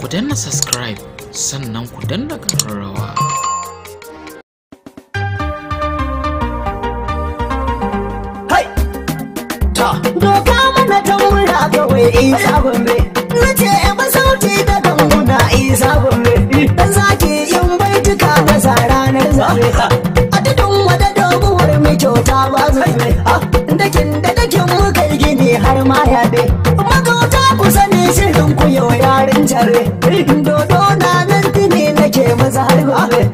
ku danna subscribe sannan ku danna rawa. Hai! Ta! Doka mana taura wai isa gombe, nace yaba sauti da ganguna isa gombe, dan zaki yin baituka na ranar zabe. are dodo na nan tuni nake maza har gobe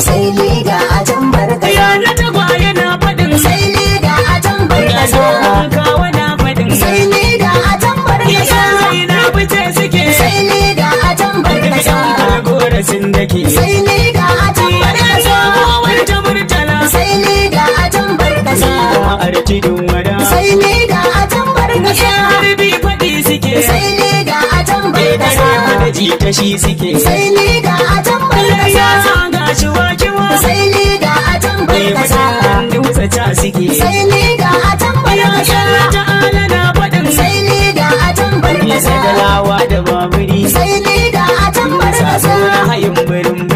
sai ga a can barka ya na tagwaye na faɗin sai ga a can barka sa kawo na faɗin sai ga a can barka sa sai na fice suke sai ga a can barka sa gora sun dake sai ga a can barka sa ta murtala sai ga a can barka sa a da tidin wada sai ga a can barka sa harbi faɗi suke sai ga a can barka sa ji jita shi suke sai ga a can barka sa shuwa-shuwa sai liga a tambayi eh, kasa dutse ta suke sai liga a tambayi kasa ya ta'ala na faɗin sai liga a tambayi kasa da lawa da baburi sai liga a tambayi kasa na hayin birin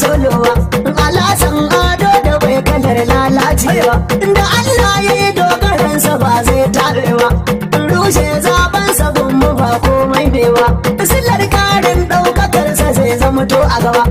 solowa alasan ado da bai kalar lalacewa da Allah ya yi dogaransa ba zai taɓewa rushe zabansa gunmu ba komai bewa silar karin ɗaukakarsa zai zama to a gaba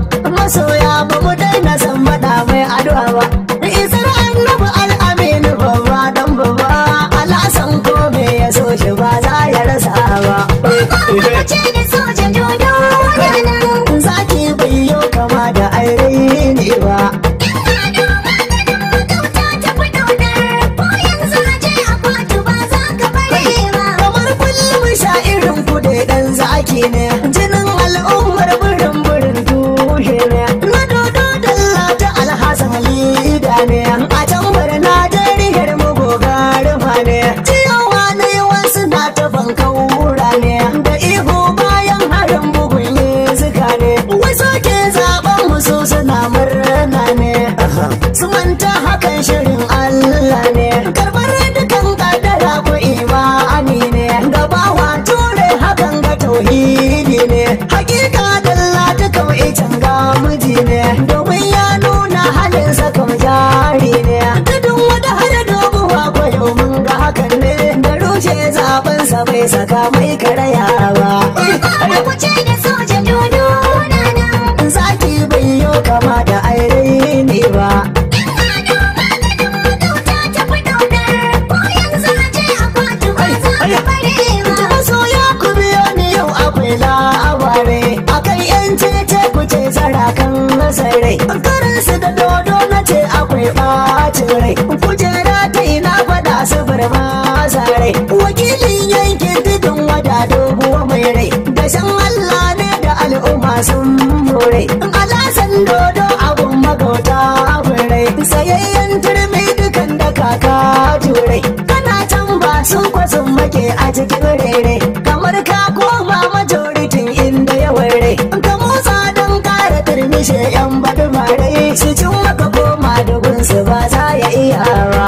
saka mai karaya sun dodo abun magauta birai sayayyen turmi dukan da kaka turai kana can ba sun kwasun make a cikin rere kamar ka koma majoritin inda yawan rai ka motsa don kara turmishe yan baɗi su cin maka koma da gunsu ba za ya iya ba.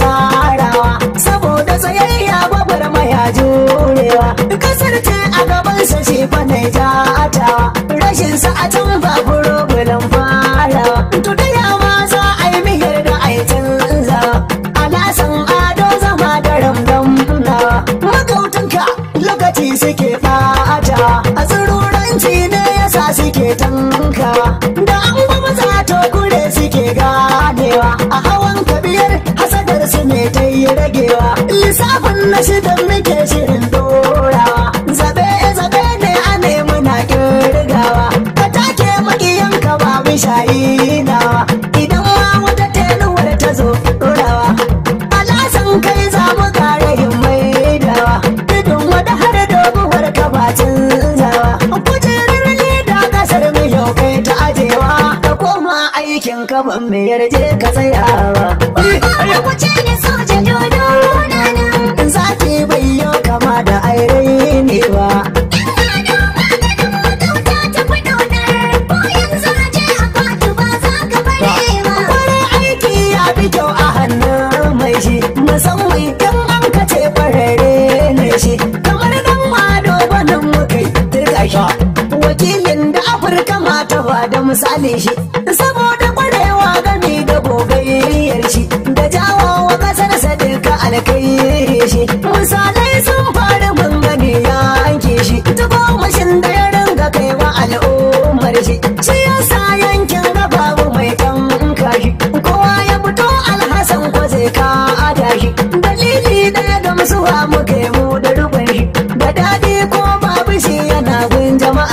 sarawa saboda tsayayya babbar maya jurewa kasar ce a gaban sa shi jatawa rashin sa a can ba bulan farawa to da yawa za a yi miyar da aitin zawa alasan ado zama da ramdam nawa magautanka lokaci suke batawa a tsiruranci ne yasa suke tankawa da an ba maza to kure suke ganewa a su ta yi ragewa lissafin na shidan muke shirin dorawa zabe zabe ne a nemi na kirgawa ka take makiyan ka ba mu shayi nawa idan ma wata tenuwar ta zo dorawa alasan kai za mu kare yin maidawa idon wata har doguwar ka ba canzawa kujerar leda kasar mu yau kai ta ajewa ka koma aikin ka ban mayar je ka tsayawa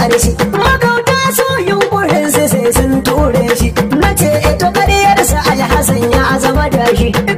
arshi magauta so yunkurin su sai sun ture shi na ce ito kariyarsa alhassan ya zama da shi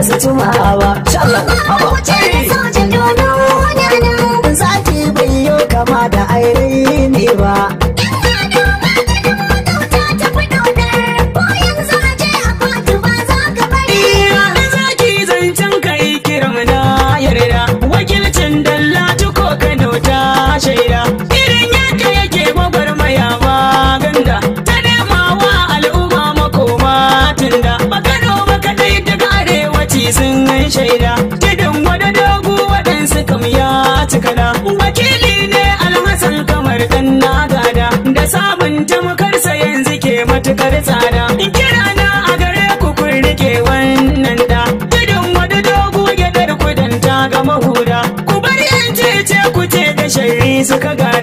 quase de uma aula me, o cagar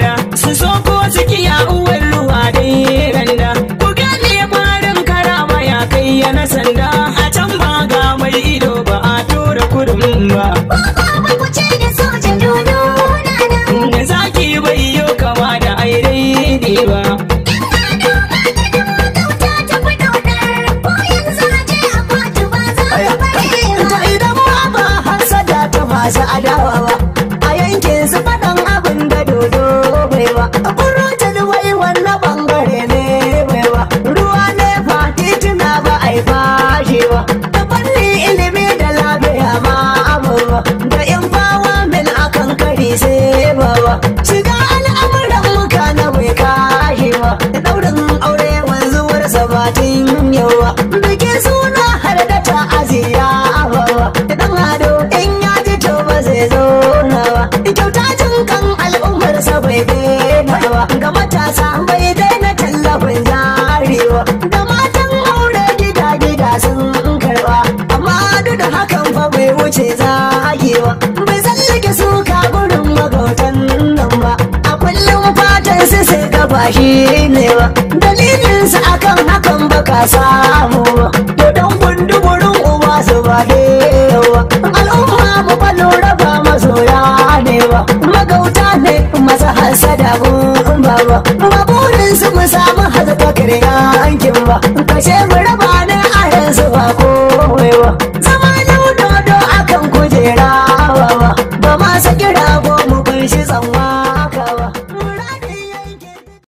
ba shi ne ba dalilinsa akan hakan baka samu ba to don gundugurin uba su ba ba al'umma mu ba lura ba masoya ne ba magauta ne masa hasada gun ba ba burinsu mu samu hazaka kirya ba kashe mu raba